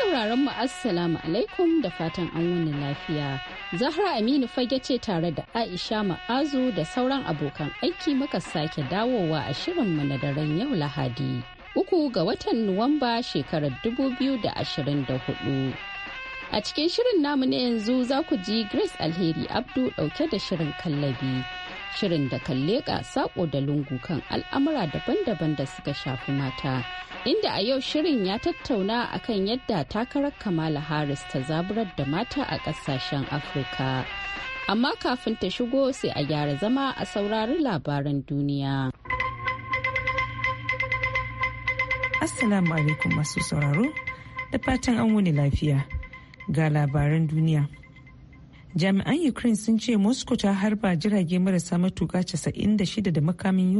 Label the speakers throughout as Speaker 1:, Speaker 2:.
Speaker 1: sauraron mu assalamu alaikum da fatan an wani lafiya. Zahra Aminu fage ce tare da Aisha Ma'azu da sauran abokan aiki muka sake dawowa a shirinmu na daren yau Lahadi. Uku ga watan Nuwamba shekarar 2024. A cikin shirin namu na yanzu za ku ji Grace Alheri Abdu ɗauke da shirin kallabi. shirin da kan leƙa sako da lungu kan al'amura daban-daban da suka shafi mata inda a yau shirin ya tattauna a kan yadda takarar kamala harris ta zaburar da mata a ƙasashen afirka amma kafin ta shigo sai a gyara zama a saurari labaran
Speaker 2: duniya assalamu alaikum masu sauraro da fatan an wuni lafiya ga labaran duniya jami'an ukraine sun ce moscow ta harba jirage marasa matuka 96 da makamin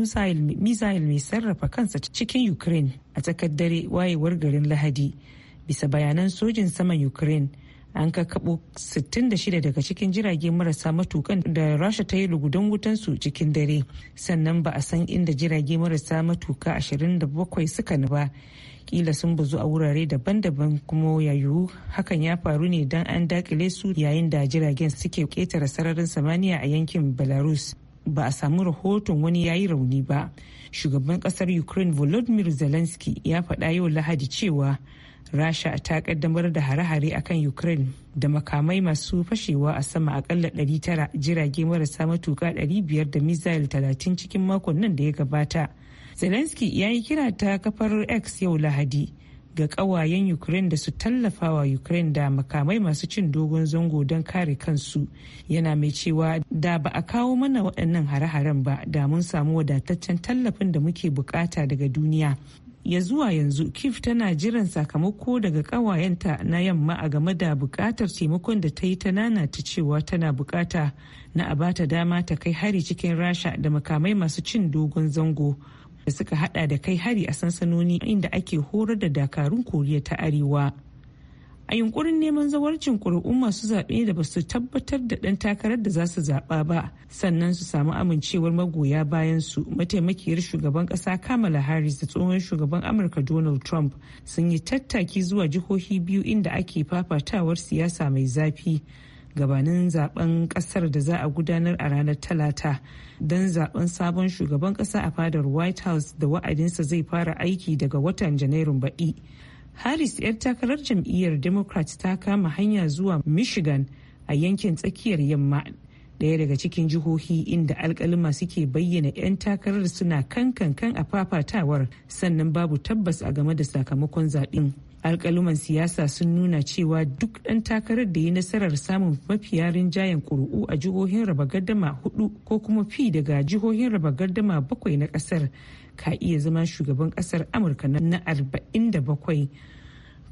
Speaker 2: missile mai sarrafa kansa cikin ukraine a tsakar wayewar garin lahadi bisa bayanan sojin saman ukraine an kakabo 66 daga cikin jirage marasa matukan da rasha ta yi lugudan wutansu cikin dare sannan ba a san inda jirage marasa matuka 27 suka ba kila sun bazu a wurare daban-daban kuma yayu hakan ya faru ne don an dakile su yayin da jiragen suke ketare sararin samaniya a yankin belarus ba a samu rahoton wani yayi rauni ba shugaban kasar ukraine volodymyr zelensky ya faɗa yau lahadi cewa rasha ta kaddamar da hare-hare akan ukraine da makamai masu fashewa a sama akalla 900 jirage marasa matuka 500 da misil 30 cikin makon nan da ya gabata zelensky ya yi kira ta kafar x yau lahadi ga kawayen ukraine da su tallafa wa ukraine da makamai masu cin dogon zango don kare kansu yana mai cewa da ba a kawo mana waɗannan hare-haren ba da mun samu wadataccen tallafin da muke bukata daga duniya ya zuwa yanzu kif tana jiran sakamako daga kawayenta na yamma a game da bukatar taimakon da ta yi ta ta cewa tana bukata na a bata dama ta kai hari cikin rasha da makamai masu cin dogon zango da suka hada da kai hari a sansanoni inda ake horar da dakarun koriya ta arewa a yunkurin neman zawarcin kuri'un masu zaɓe da ba su tabbatar da ɗan takarar da za su zaɓa ba sannan su samu amincewar magoya bayan su mataimakiyar shugaban ƙasa kamala harris da tsohon shugaban amurka donald trump sun yi tattaki zuwa jihohi biyu inda ake fafatawar siyasa mai zafi gabanin zaben kasar da za a gudanar a ranar talata don zaben sabon shugaban kasa a fadar white house da wa'adinsa zai fara aiki daga watan janairun baɗi harris 'yar takarar jam'iyyar democrats ta kama hanya zuwa michigan a yankin tsakiyar yamma ɗaya daga cikin jihohi inda alkalima suke bayyana 'yan takarar suna kankan kan a fafatawar sannan babu tabbas a game da sakamakon zaɓen. alkaluman siyasa sun nuna cewa duk ɗan takarar da ya nasarar samun mafiya rinjayen ƙuri'u a jihohin raba gardama hudu ko kuma fi daga jihohin raba gardama bakwai na ƙasar ka iya zama shugaban ƙasar amurka na arba'in da bakwai.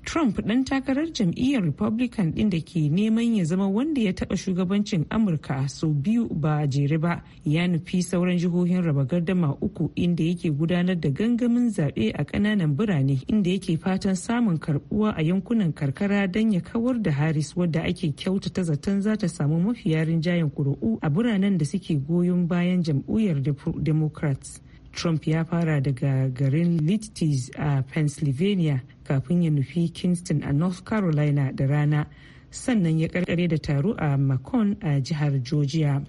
Speaker 2: Trump ɗan takarar jam'iyyar Republican ɗin da ke neman ya zama wanda ya taɓa shugabancin Amurka sau biyu ba jere ba ya nufi sauran jihohin raba gardama uku inda yake gudanar da gangamin zaɓe a ƙananan birane inda yake fatan samun karɓuwa a yankunan karkara don ya kawar da Harris wadda ake kyautata zaton za ta samu mafiya rinjayen ƙuri'u a biranen da suke goyon bayan jam'iyyar Democrats. Trump ya fara daga garin Littes a Pennsylvania kafin ya nufi kingston a north carolina da rana sannan ya karkare da taro a macon a jihar georgia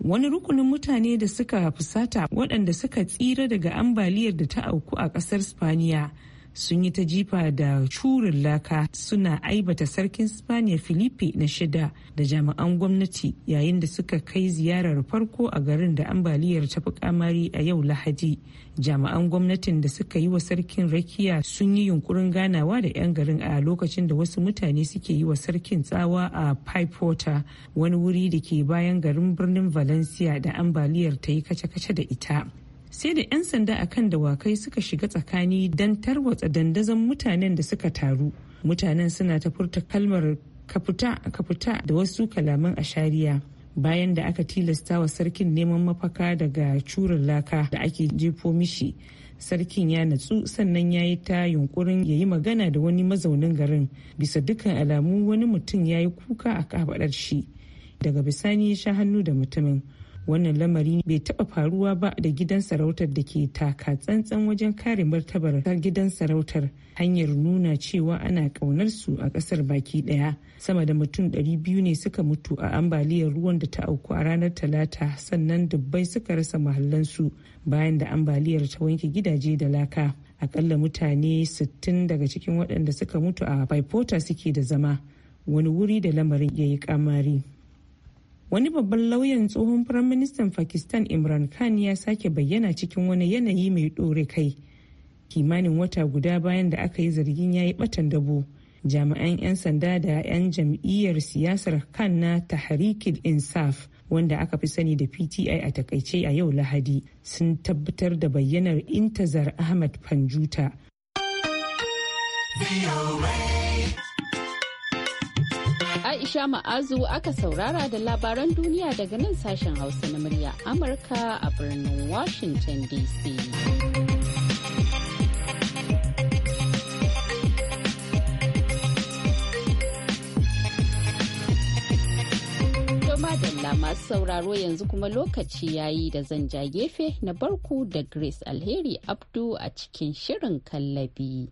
Speaker 2: wani rukunin mutane da suka fusata waɗanda suka tsira daga ambaliyar da ta auku a ƙasar spaniya sun yi ta jifa da curin laka suna aibata sarkin spaniya filipe na shida da jami'an gwamnati yayin da suka kai ziyarar farko a garin da ambaliyar ta fi kamari a yau lahadi jami'an gwamnatin da suka yi wa sarkin rakiya sun yi yunkurin ganawa da 'yan garin a lokacin da wasu mutane suke yi wa sarkin tsawa a pipewater wani wuri da ke bayan garin birnin valencia da ambaliyar ta yi kace-kace da ita sai da 'yan sanda a kan dawakai suka shiga tsakani don tarwatsa dandazon mutanen da suka taru mutanen suna ta furta kalmar kafuta kafuta da wasu kalaman ashariya bayan da aka tilasta wa sarkin neman mafaka daga curin laka da ake jefo mishi sarkin ya natsu sannan ya yi ta yunkurin ya yi magana da wani mazaunin garin bisa dukkan alamu wani mutum ya yi kuka a kabaɗar shi daga bisani ya sha hannu da mutumin wannan lamari bai taɓa faruwa ba da gidan sarautar da ke taka tsantsan wajen kare martabar gidan sarautar hanyar nuna cewa ana ƙaunar su a ƙasar baki ɗaya sama da mutum 200 ne suka mutu a ambaliyar ruwan da ta auku a ranar talata sannan dubbai suka rasa mahallansu bayan da ambaliyar ta wanke gidaje da laka akalla mutane 60 daga cikin waɗanda suka mutu a suke da zama wani wuri da lamarin ya yi kamari. wani babban lauyan tsohon firaministan pakistan imran khan ya sake bayyana cikin wani yanayi mai ɗore kai kimanin wata guda bayan da aka yi zargin ya yi batan dabo jami'an 'yan sanda da 'yan jam'iyyar siyasar kan na tahrikil insaf wanda aka fi sani da pti a takaice a yau lahadi sun tabbatar da bayyanar intazar ahmad panjuta
Speaker 1: Aisha Ma'azu aka saurara da labaran duniya daga nan sashen Hausa na murya Amurka a birnin Washington DC. Madalla masu sauraro yanzu kuma lokaci yayi da zan ja gefe na barku da Grace Alheri Abdu a cikin shirin kallabi.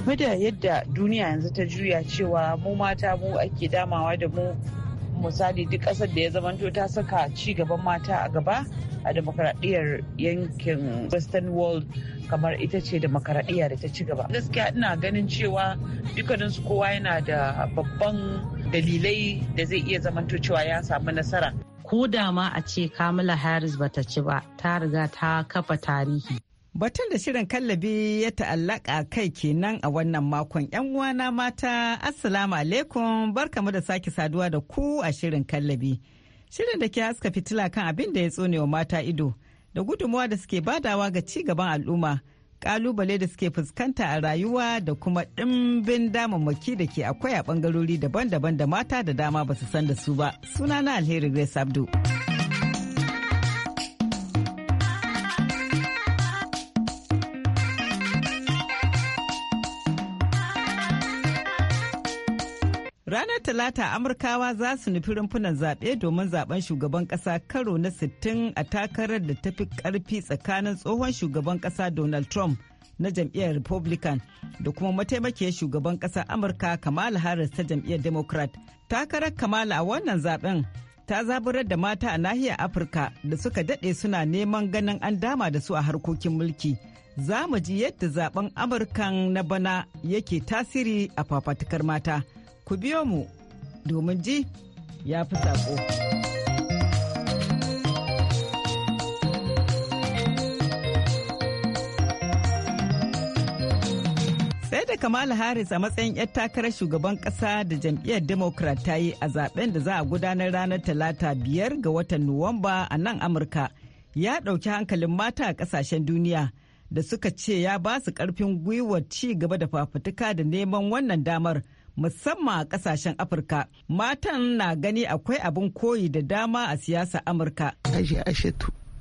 Speaker 3: game da yadda duniya yanzu ta juya cewa mu mata mu ake damawa da mu misali duk ƙasar da ya zamanto ta saka ci gaban mata a gaba a demokradiyyar yankin western world kamar ita ce demokradiyya da ta ci gaba gaskiya ina ganin cewa dukkaninsu kowa yana da babban dalilai da zai iya zamanto cewa ya samu nasara
Speaker 4: ko da ma a ce kamala harris bata ci ba ta
Speaker 5: riga ta kafa tarihi Batun da shirin kallabi ya ta'allaka kai kenan a wannan makon ‘yan uwana mata, Assalamu alaikum mu da sake saduwa da ku a shirin kallabi. Shirin da ke haska fitila kan abin da ya tsone wa mata ido, da gudunmuwa da suke badawa ga ci gaban al'umma, kalubale da suke fuskanta a rayuwa da kuma ɗimbin damammaki da ke akwai a ɓangarori daban-daban da mata da dama ba su san da su ba. Sunana Alheri Grace Abdu. ranar talata amurkawa za su nufi rumfunan zaɓe domin zaben shugaban ƙasa karo na 60 a takarar da ta fi ƙarfi tsakanin tsohon shugaban ƙasa donald trump na jam'iyyar republican da kuma mataimakiyar shugaban ƙasa amurka kamala harris ta jam'iyyar democrat takarar kamala a wannan zaben ta zaburar da mata a nahiyar afirka da suka daɗe suna neman ganin an dama da su a harkokin mulki za mu ji yadda zaben amurkan na bana yake tasiri a fafatukar mata ku biyo mu domin ji ya fi saƙo. sai da kamala harris a matsayin 'yar takarar shugaban ƙasa da jam'iyyar democrat ta yi a zaben da za a gudanar ranar talata biyar ga watan nuwamba a nan amurka ya ɗauki hankalin mata a ƙasashen duniya da suka ce ya ba su ƙarfin gwiwar ci gaba da fafutuka da neman wannan damar musamman a kasashen afirka matan na gani akwai abin koyi da dama a siyasa amurka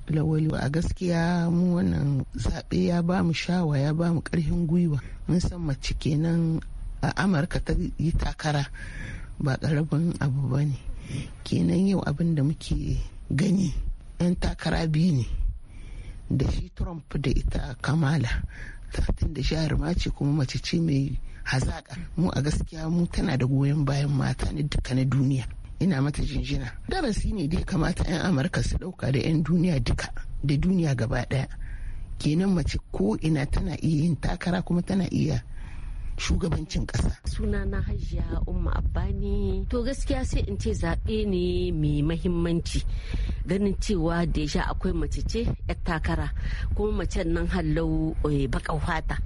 Speaker 5: lawali a gaskiya mu wannan zaɓe ya ba mu shawa ya ba mu ƙarfin gwiwa mun san mace kenan a amurka ta yi takara ba ƙaramin abu ba ne kenan yau abin da muke gani 'yan takara biyu ne da shi trump da ita kamala tatin da shahar mace kuma mace ce mai hazaƙa mu a gaskiya mu tana da goyon bayan mata ne duka na duniya ina mata jinjina darasi ne da kamata 'yan amurka su ɗauka da 'yan duniya duka da duniya gaba ɗaya kenan mace ko ina tana iya yin takara kuma tana iya
Speaker 1: shugabancin ƙasa. Sunana Hajiya Umma Abbani. To gaskiya sai in ce zaɓe ne mai mahimmanci. Ganin cewa da deja akwai mace ce 'yar takara kuma mace nan hallau eh, baƙar fata.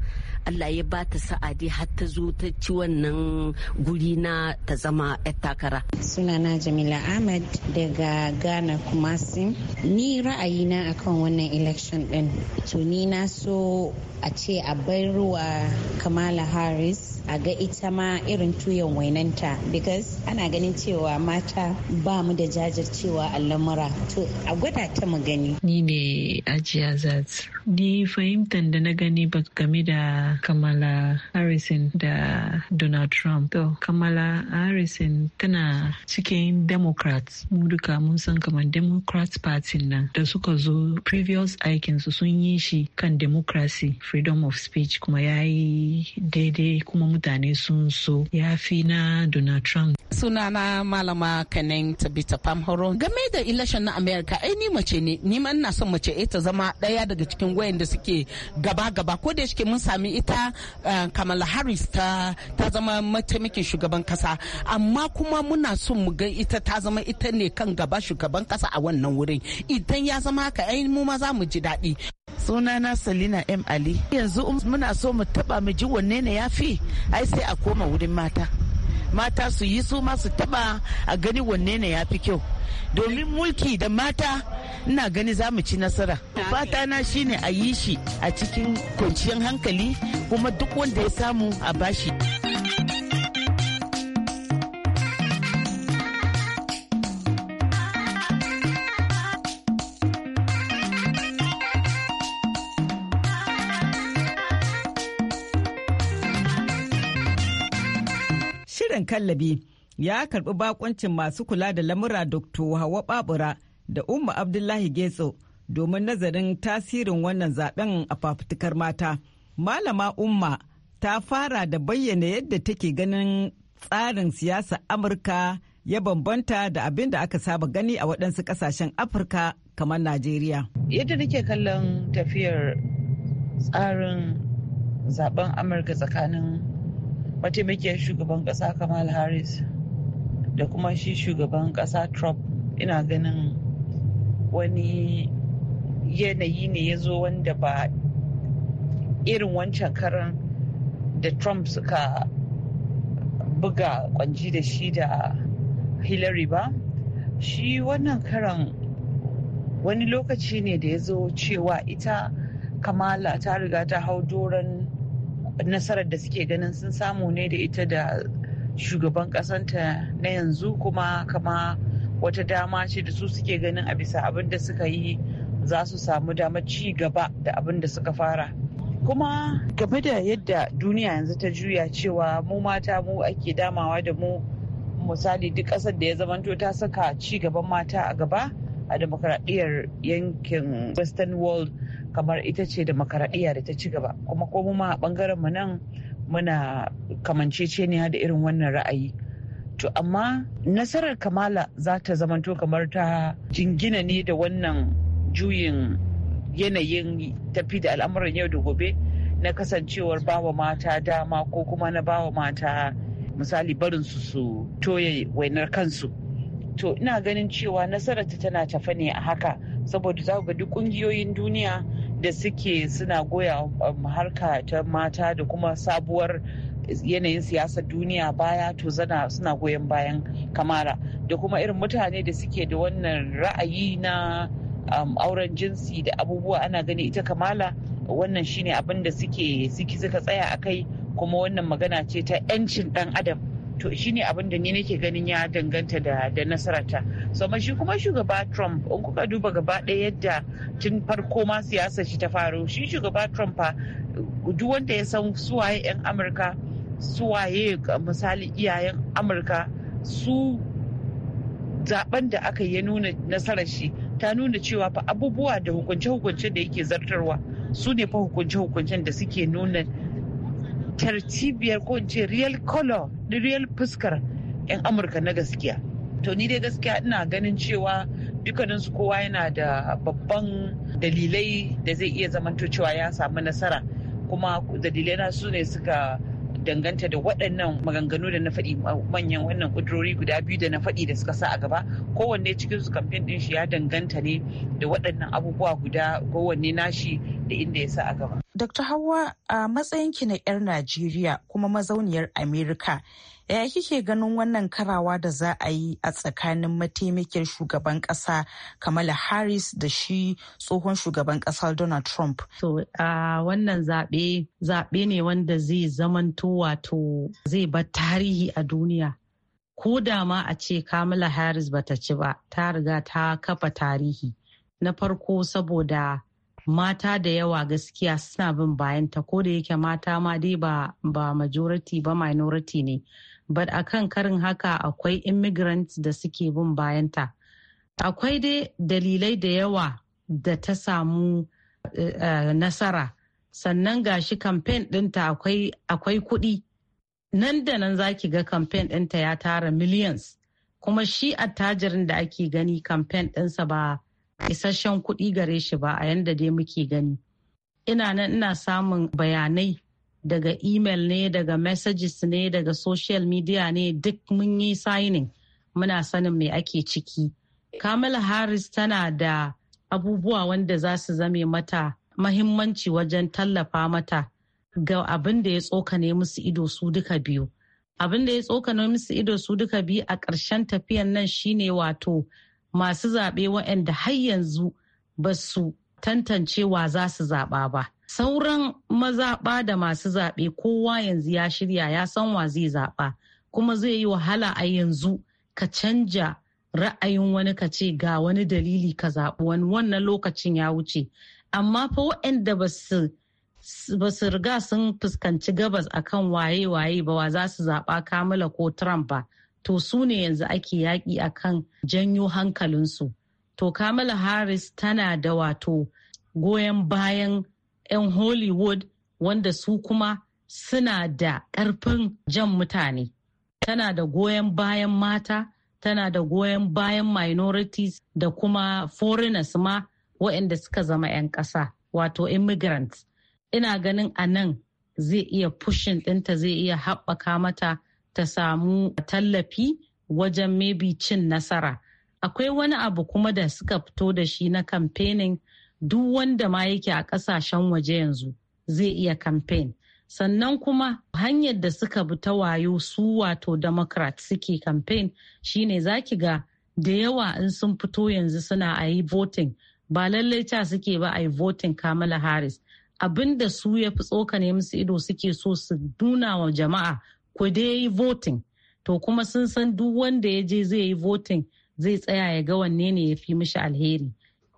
Speaker 1: Allah ya ba ta sa'adi har ta zo ta ci wannan guri na ta zama 'yar takara. Sunana Jamila ahmed daga Ghana sim Ni ra'ayina akan wannan election ɗin. To ni na so a ce a bayarwa Kamala har paris a ga ita ma irin tuyon wainanta because ana ganin cewa mata ba mu da jajircewa a lamura to a gwada ta mu gani
Speaker 3: ni ne
Speaker 1: ajiya
Speaker 2: zaz ni fahimtar da na gani ba game da kamala harrison da donald trump to kamala harrison tana cikin democrats mu duka mun san kamar democrats party nan da suka zo previous aikinsu sun yi shi kan democracy freedom of speech kuma ya yi daidai kuma mutane sun so ya fi na donald trump
Speaker 6: sunana malama kanin tabita pam game da election na america ai ni mace ne ni ma ina son mace eh, ta zama daya daga cikin wayanda suke gaba-gaba ko da shike mun sami ita eh, kamala harris ta zama mataimakin shugaban kasa amma kuma muna son mu ga ita ta zama ita ne kan gaba shugaban kasa a wannan wurin idan ya zama haka ai mu ma za mu ji daɗi sunana salina m ali yanzu um, muna so mu taba mu ji wanne ne ya fi ai sai a koma wurin mata mata su yi su ma su taba a gani wanne ne ya fi kyau domin mulki da mata ina gani za mu ci nasara fata na shine a yi shi a cikin kwanciyar hankali kuma duk wanda ya samu a bashi
Speaker 5: Shirin kallabi ya karbi bakoncin masu kula da lamura Dr. Hawa Babura da Umma Abdullahi Getso domin nazarin tasirin wannan zaben a fafutukar mata. Malama Umma ta fara da bayyana yadda take ganin tsarin siyasa Amurka ya bambanta da abin da aka saba gani a waɗansu ƙasashen Afirka kamar Najeriya.
Speaker 3: Yadda nake kallon tafiyar tsarin zaben Amurka tsakanin mataimakiyar shugaban ƙasa Kamal Harris da kuma shi shugaban ƙasa Trump ina ganin wani yanayi ne ya zo wanda ba irin wancan karan da trump suka buga kwanji da shi da hillary ba shi wannan karan wani lokaci ne da ya zo cewa ita kamala ta riga ta hau doron nasarar da suke ganin sun samu ne da ita da shugaban kasanta na yanzu kuma kama wata dama ce da su suke ganin a bisa abin da suka yi za su samu dama ci gaba da abin da suka fara kuma game da yadda duniya yanzu ta juya cewa mu mata mu ake damawa da mu misali duk ƙasar da ya zamanto ta saka ci gaban mata a gaba a demokaradiyyar yankin western world kamar ita ce demokaradiyya da ta ci gaba kuma ko mu ma a bangaren mu nan muna kamanceceniya da irin wannan ra'ayi to amma nasarar kamala za ta zamanto kamar ta jingina ne da wannan juyin yanayin tafi da al'amuran yau da gobe na kasancewar bawa mata dama ko kuma na bawa mata misali barin su su toye wainar kansu to ina ganin cewa nasarar ta tana tafa ne a haka saboda za ga duk kungiyoyin duniya da suke suna goya um, harka ta mata da kuma sabuwar yanayin siyasar duniya baya to zana suna goyon bayan kamara da kuma irin mutane da suke da wannan ra'ayi na um, auren jinsi da abubuwa ana gani ita kamala wannan shine abin da suke suke suka tsaya a kai kuma wannan magana ce ta 'yancin dan adam to shine abin da ni nake ganin ya danganta da da nasarata so shi kuma shugaba trump in kuka duba gaba ɗaya yadda tun farko ma siyasar shi ta faro shi shugaba trump fa duk wanda ya san suwaye 'yan amurka suwaye misali iyayen amurka su zaben da aka yi nuna nasarar shi ta nuna cewa fa abubuwa da hukunce-hukunce da yake zartarwa su ne fa hukunce-hukuncen da suke nuna tartibiyar ko ce real color da real fuskar 'yan amurka na gaskiya to ni dai gaskiya ina ganin cewa dukkaninsu kowa yana da babban dalilai da zai iya zamanto cewa ya samu nasara kuma dalilai na su ne suka danganta da waɗannan maganganu da na faɗi manyan wannan ƙudurori guda biyu da na faɗi da suka sa a gaba kowanne cikin su kamfen ɗin shi ya danganta ne da waɗannan abubuwa guda kowanne nashi da inda ya sa a gaba.
Speaker 6: Dr. Hauwa, a matsayinki na 'yar Najeriya kuma mazauniyar Amerika Ya kike ganin wannan karawa da za a yi a tsakanin mataimakin shugaban kasa Kamala Harris da shi tsohon shugaban kasa
Speaker 4: Donald Trump? To, a wannan zaɓe zaɓe ne wanda zai zamanto wato zai bar tarihi a duniya. Ko da ma a ce Kamala Harris bata ci ba, ta riga ta kafa tarihi. Na farko saboda mata da yawa gaskiya suna bin bayanta ko da yake mata ma dai ba ba majority ba minority ne but a kan karin haka akwai immigrants da suke bin bayanta akwai dai dalilai da yawa da ta samu uh, nasara sannan ga shi kamfen dinta akwai kudi nan da nan za ki ga kamfen dinta ya tara millions kuma shi attajirin da ake gani kamfen dinsa ba isasshen kudi gare shi ba a yanda dai muke gani ina nan ina samun bayanai daga email ne daga messages ne daga social media ne duk mun yi signing muna sanin me ake ciki kamala harris tana da abubuwa wanda za su zame mata mahimmanci wajen tallafa mata ga abin da ya tsokane musu ido su duka biyu abin da ya tsokane musu ido su duka biyu a ƙarshen tafiyan nan shine wato masu zaɓe waɗanda har yanzu ba su tantance za su zaɓa ba sauran mazaɓa da masu zaɓe kowa yanzu ya shirya ya san wa zai zaɓa kuma zai yi wahala a yanzu ka canja ra'ayin wani ka ce ga wani dalili ka zaɓi wani wannan lokacin ya wuce amma fa waɗanda ba su riga sun fuskanci gabas akan waye-waye ba wa za su zaɓa kamala ko trump ba to su ne yanzu ake yaƙi akan janyo hankalinsu to kamala harris tana da wato goyon bayan 'yan hollywood wanda su kuma suna da ƙarfin jan mutane tana da goyon bayan mata tana da goyon bayan minorities da kuma foreigners ma waɗanda suka zama 'yan ƙasa wato immigrants ina ganin a nan zai iya pushin ɗinta zai iya haɓaka mata ta samu tallafi wajen maybe cin nasara akwai wani abu kuma da suka fito da shi na campaigning duk wanda ma yake a kasashen waje yanzu zai iya kamfen sannan kuma hanyar da suka bi ta wayo su wato democrat suke kamfen shine zaki ga da yawa in sun fito yanzu suna a yi voting ba lallai ta suke ba a yi voting kamala harris abinda su ya fi tsokane musu ido suke so su nuna wa jama'a ku dai yi voting to kuma sun san duk wanda ya je zai yi voting zai tsaya ya ga wanne ne ya fi mishi alheri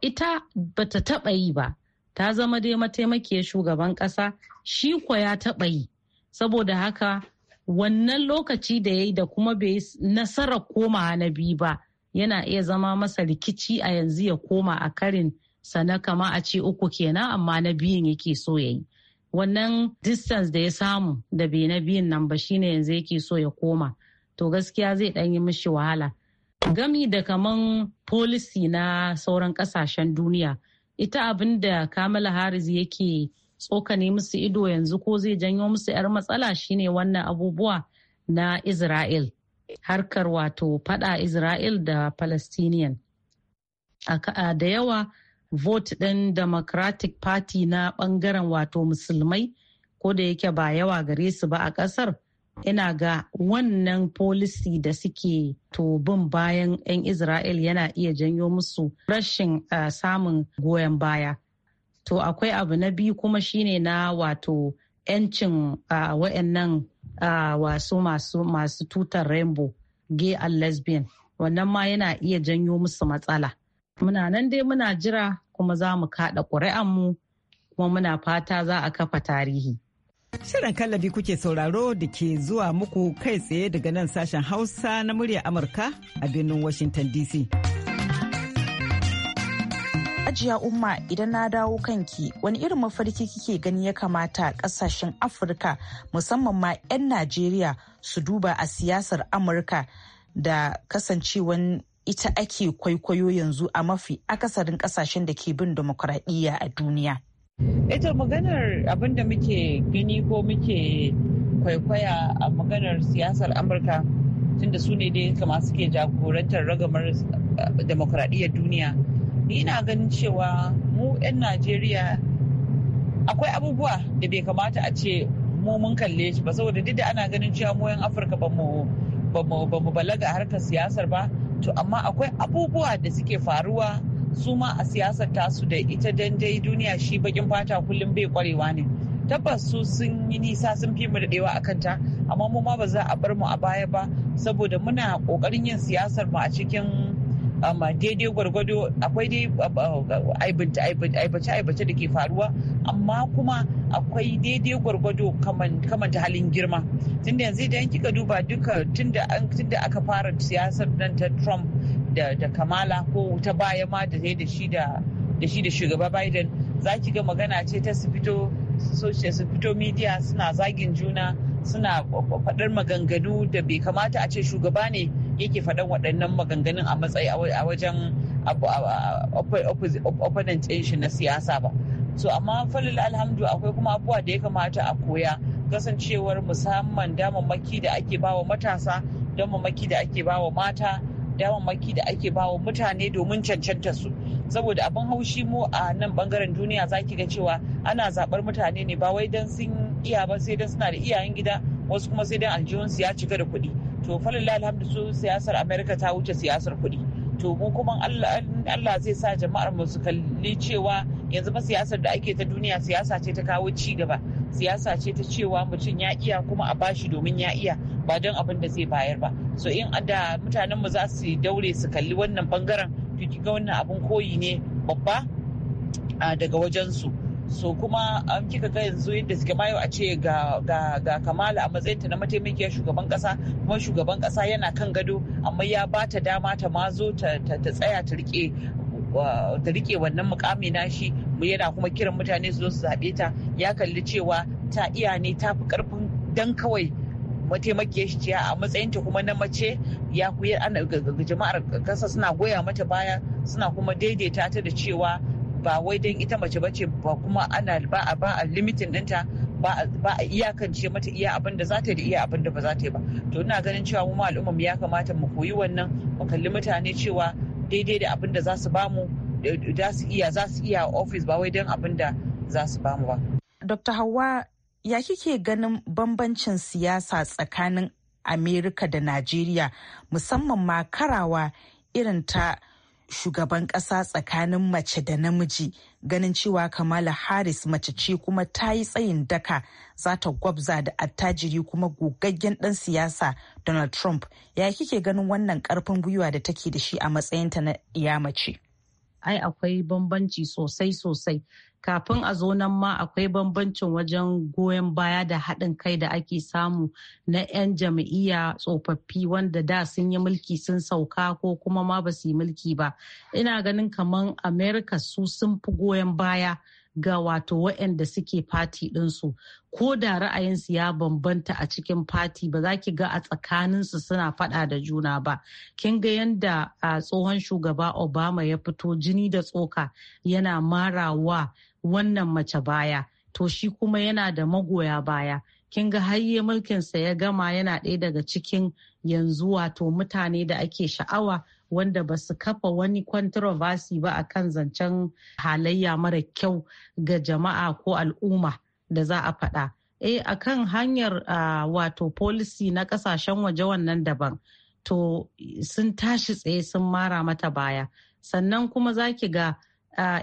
Speaker 4: ita bata taɓa yi ba ta zama dai mataimakiyar shugaban ƙasa shi ko ya taɓa yi saboda haka wannan lokaci da ya yi da kuma bai nasara koma na biyu ba yana iya zama masa rikici a yanzu ya koma a karin sana kama a ce uku kenan amma na biyun yake so ya yi wannan distance da ya samu da bai na biyun nan ba shine yanzu yake so ya koma to gaskiya zai ɗan yi mishi wahala gami da kaman policy na sauran kasashen duniya ita abin da kamala harris yake tsokane musu ido yanzu ko zai janyo musu 'yar matsala shine wannan abubuwa na israel harkar wato fada israel da palestinian da yawa vote ɗin democratic party na ɓangaren wato musulmai ko da yake ba yawa gare su ba a ƙasar ina ga wannan policy da suke tobin bayan 'yan Isra'il yana iya janyo musu rashin uh, samun goyon baya. To akwai abu na biyu kuma shine na wato 'yancin uh, wa'annan uh, wasu masu, tutar rainbow gay and lesbian wannan ma yana iya janyo musu matsala. Muna nan dai muna jira kuma za mu kaɗa mu kuma muna fata za a kafa tarihi. Shirin kallabi kuke sauraro da
Speaker 5: ke zuwa muku kai tsaye daga nan sashen Hausa na muryar Amurka a birnin Washington DC.
Speaker 6: Ajiya Umma idan na dawo kanki wani irin mafarki kike gani ya kamata kasashen Afirka musamman ma 'yan Najeriya su duba a siyasar Amurka da kasancewan ita ake kwaikwayo yanzu a mafi akasarin kasashen da ke bin demokuraɗiyya a duniya.
Speaker 3: Ita maganar abinda muke gani ko muke kwaikwaya a maganar siyasar Amurka tunda su ne dai kama suke jagorantar ragamar eh, demokradiyyar duniya. Ni ina ganin cewa mu 'yan Najeriya akwai abubuwa da bai kamata a ce mu mun kalle shi ba saboda duk da ana ganin cewa mu 'yan Afirka ba mu balaga harkar siyasar ba to amma akwai abubuwa da suke faruwa su ma a siyasar tasu da ita dandai duniya shi bakin fata kullum bai kwarewa ne tabbas su sun yi nisa sun fi mu daɗewa a kanta amma mu ma ba za a bar mu a baya ba saboda muna ƙoƙarin yin siyasar mu a cikin um, daidai gwargwado akwai dai um, uh, aibace-aibace da ke faruwa amma kuma akwai daidai gwargwado kamanta halin girma tunda yanzu idan kika duba duka tunda aka fara siyasar nan ta trump da kamala ko ta baya ma da zai shi da shi da shugaba biden za ki ga magana ce ta su fito su fito media suna zagin juna suna faɗar maganganu da bai kamata a ce shugaba ne yake faɗan waɗannan maganganun a matsayi a wajen opponent ɗin shi na siyasa ba so amma falil alhamdu akwai kuma abubuwa da ya kamata a koya kasancewar musamman damammaki da ake bawa matasa damammaki da ake bawa mata damammaki da ake bawa mutane domin cancanta su saboda abin haushi mu a nan bangaren duniya zaki ga cewa ana zabar mutane ne ba wai dan sun iya ba sai dan suna da iyayen gida wasu kuma sai dan aljihunsu ya cika da kuɗi to falilla alhamdu su siyasar america ta wuce siyasar kuɗi to mu kuma allah zai sa jama'ar mu su kalli cewa yanzu fa siyasar da ake ta duniya siyasa ce ta kawo ci gaba siyasa ce ta cewa mutum ya iya kuma a bashi domin ya iya ba don abin da zai bayar ba so in da mutanen mu za su daure su kalli wannan bangaren to kiga wannan abin koyi ne babba daga wajen su so kuma an kika ga yanzu yadda suke mayo a ce ga, ga, ga kamala a matsayinta na mataimakiya shugaban kasa kuma shugaban kasa yana kan gado amma ya ba ta dama ta ma zo ta, tsaya ta rike ta rike wannan mukami nashi yana kuma kiran mutane su zo su zaɓe ta ya kalli cewa ta iya ne ta fi karfin dan kawai mataimakiyar shi a matsayinta kuma na mace ya kuyi ana jama'ar kasa suna goya mata baya suna kuma daidaita ta da cewa ba wai dan ita mace bace ba kuma ana ba a ba a limitin ɗinta ba a iyakance mata iya abin da za ta da iya abin da ba za ta yi ba to ina ganin cewa mu al'ummar ya kamata mu koyi wannan mu kalli mutane cewa daidai da abin da za su bamu za su iya za su iya ofis ba wai don abin da za su mu ba.
Speaker 6: Dr. Hauwa ya kike ganin bambancin siyasa tsakanin Amerika da Najeriya musamman ma karawa irin ta shugaban ƙasa tsakanin mace da namiji ganin cewa kamala harris mace ce kuma ta yi tsayin daka za ta gwabza da attajiri kuma gogaggen ɗan siyasa donald trump ya kike ganin wannan ƙarfin gwiwa da take da shi a
Speaker 4: matsayinta na iya mace ai akwai bambanci sosai sosai kafin a zo nan ma akwai bambancin wajen goyon baya da haɗin kai da ake samu na 'yan jam'iyya tsofaffi wanda da sun yi mulki sun sauka ko kuma ma ba su yi mulki ba ina ganin kamar america su sun fi goyon baya ga wato waɗanda suke fati ɗinsu ko da ra'ayinsu ya bambanta a cikin fati ba za ki ga a tsakaninsu suna faɗa da juna ba kin ga yadda a tsohon shugaba obama ya fito jini da tsoka yana marawa wannan mace baya to shi kuma yana da magoya baya kin ga hayye sa ya gama yana ɗaya daga cikin yanzu wato mutane da ake sha'awa wanda ba su kafa wani controversy ba a kan zancen halayya mara kyau ga jama'a ko al'umma da za a faɗa. Eh a kan hanyar wato policy na ƙasashen waje wannan daban to sun tashi tsaye sun mara mata baya sannan kuma za ki ga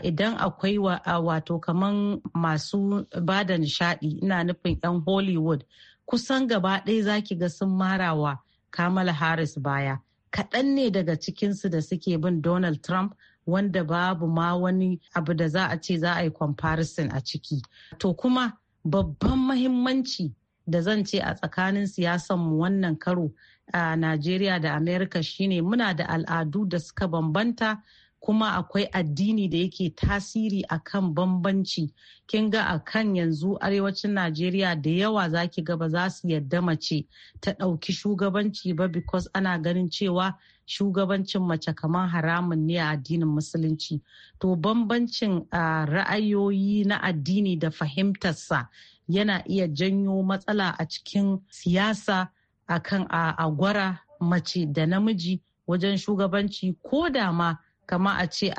Speaker 4: idan akwai wato kaman masu bada nishadi ina nufin 'yan hollywood kusan gaba ɗaya zaki ga sun wa kamala harris baya kaɗan ne daga cikinsu da suke bin donald trump wanda babu ma wani abu da za a ce za a yi comparison a ciki to kuma babban mahimmanci da zan ce a tsakanin siyasanmu wannan karo a Najeriya da america shine muna da al'adu da suka bambanta kuma akwai addini da yake tasiri akan bambanci kin ga akan yanzu arewacin najeriya da yawa zaki ki ga ba za su yadda mace ta ɗauki shugabanci ba because ana ganin cewa shugabancin mace kamar haramun ne a addinin musulunci to bambancin ra'ayoyi na addini da fahimtarsa yana iya janyo matsala a cikin siyasa akan a gwara mace da namiji wajen shugabanci ko da ma kama a ce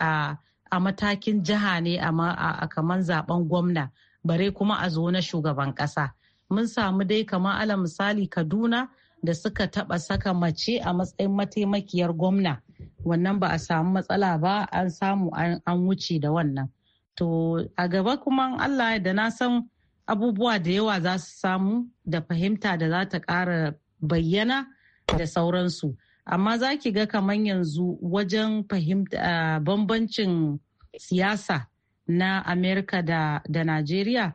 Speaker 4: a matakin jiha ne a kaman zaben gwamna bare kuma a zo na shugaban kasa mun samu dai kama ala misali kaduna da suka taba saka mace a matsayin mataimakiyar gwamna wannan ba a samu matsala ba an samu an wuce da wannan to a gaba kuma allah da na san abubuwa da yawa za su samu da fahimta da za ta ƙara bayyana da sauransu amma za ki ga kamar yanzu wajen fahimta bambancin siyasa na amerika da, da najeriya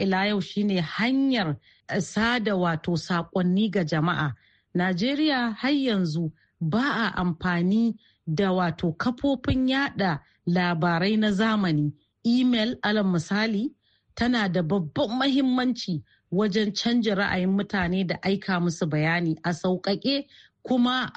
Speaker 4: ila yau shine hanyar sada wato sakonni ga jama'a najeriya har yanzu ba a amfani da wato kafofin yada labarai na zamani email alal misali tana da babban mahimmanci wajen canja ra'ayin mutane da aika musu bayani a sauƙaƙe kuma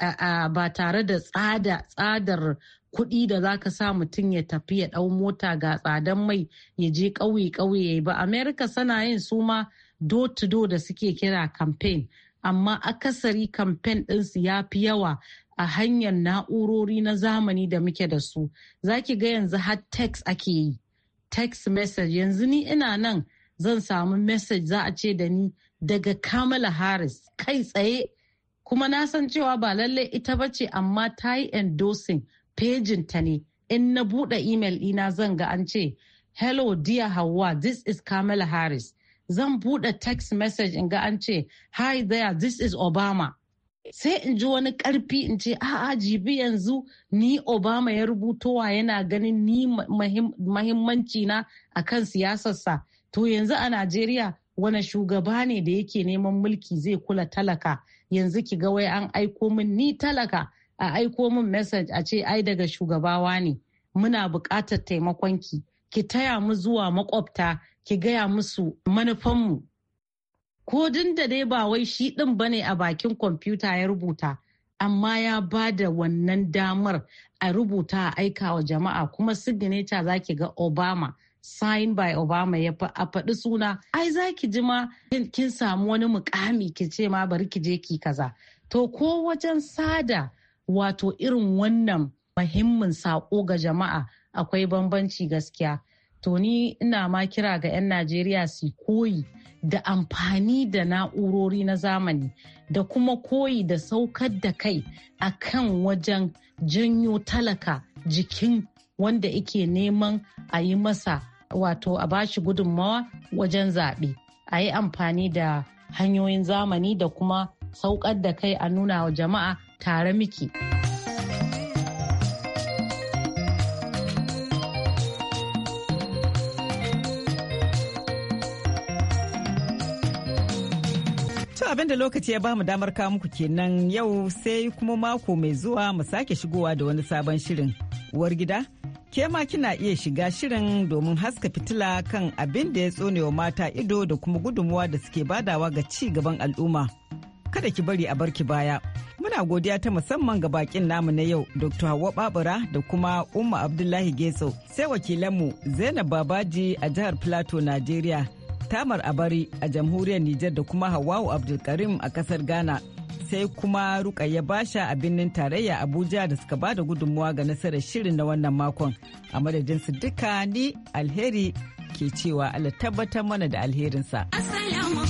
Speaker 4: a ba tare da tsada tsadar kuɗi da za ka sa mutum ya tafi ya ɗau mota ga tsadan mai ya je ƙauye-ƙauye ba amerika sana yin su ma do-to-do da suke kira campaign amma akasari kamfen ɗinsu ya fi yawa a hanyar na'urori na zamani da muke da su za ki ga yanzu har text ake yi text message yanzu ni ina nan zan samu message za a ce da ni daga kamala harris kai tsaye kuma na san cewa ba lallai ita ba ce amma ta yi endorsing pejin ta ne in na buɗe email ɗina zan ga an ce hello dear hawa this is kamala harris zan buɗe text message in ga an ce hi there this is obama sai in ji wani karfi in ce a'a jibi yanzu ni obama ya rubutowa yana ganin ni mahimmanci na a kan siyasarsa to yanzu a najeriya wani shugaba ne da yake neman mulki zai kula talaka yanzu ki ga wai an aiko min ni talaka a aiko min message a ce ai daga shugabawa ne muna buƙatar taimakon ki ki taya mu zuwa makwabta ki gaya musu manufanmu ko din da dai ba wai shi ɗin bane a bakin kwamfuta ya rubuta amma ya ba da wannan damar a rubuta a aika wa jama'a kuma signature za ki ga obama sign by Obama ya faɗi suna ai za ki ji ma kin samu wani mukami ki ce ma bari ki je ki kaza to ko wajen sada wato irin wannan mahimmin saƙo ga jama'a akwai bambanci gaskiya to ni ina ma kira ga 'yan najeriya su koyi da amfani da na'urori na zamani da kuma koyi da saukar da kai a kan wajen janyo talaka jikin wanda ike neman a yi masa wato a bashi gudunmawa wajen zaɓe a yi amfani da hanyoyin zamani da kuma saukar da kai a nuna wa jama'a tare miki.
Speaker 5: abin da lokaci ya ba mu damar kawo muku kenan yau sai kuma mako mai zuwa mu sake shigowa da wani sabon shirin Uwar gida, ke ma kina iya shiga shirin domin haska fitila kan abin da ya wa mata ido da kuma gudunmuwa da suke badawa ga ci gaban al'umma. Kada ki bari a barki baya. Muna godiya ta musamman ga bakin namu na yau, Dr. Hauwa Babura da kuma Umma Abdullahi Getso, sai wakilanmu Zainab Babaji a jihar Plateau, Najeriya, Tamar Abari a jamhuriyar Nijar da kuma Hawwa'u Abdulkarim a kasar Ghana. sai kuma rukayya basha a birnin tarayya abuja da suka ba da gudunmuwa ga nasarar shirin na wannan makon a madadin su duka ni alheri ke cewa allah tabbatar mana da alherinsa.
Speaker 1: Assalamu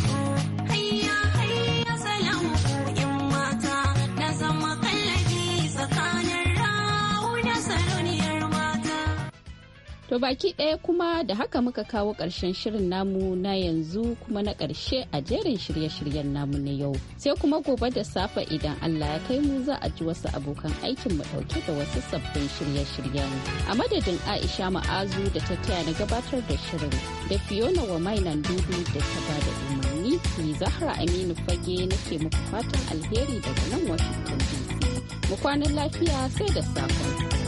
Speaker 1: To baki ɗaya kuma da haka muka kawo ƙarshen shirin namu na yanzu kuma na ƙarshe a jerin shirye-shiryen namu na yau. Sai kuma gobe da safe idan Allah ya kai mu za a ji wasu abokan aikin mu ɗauke da wasu sabbin shirye-shiryen. A madadin Aisha Ma'azu da ta taya na gabatar da shirin da Fiona wa mainan dubu da ta ba da umarni ni Zahra Aminu Fage nake muku fatan alheri daga nan Washington DC. Mu kwanan lafiya sai da safe.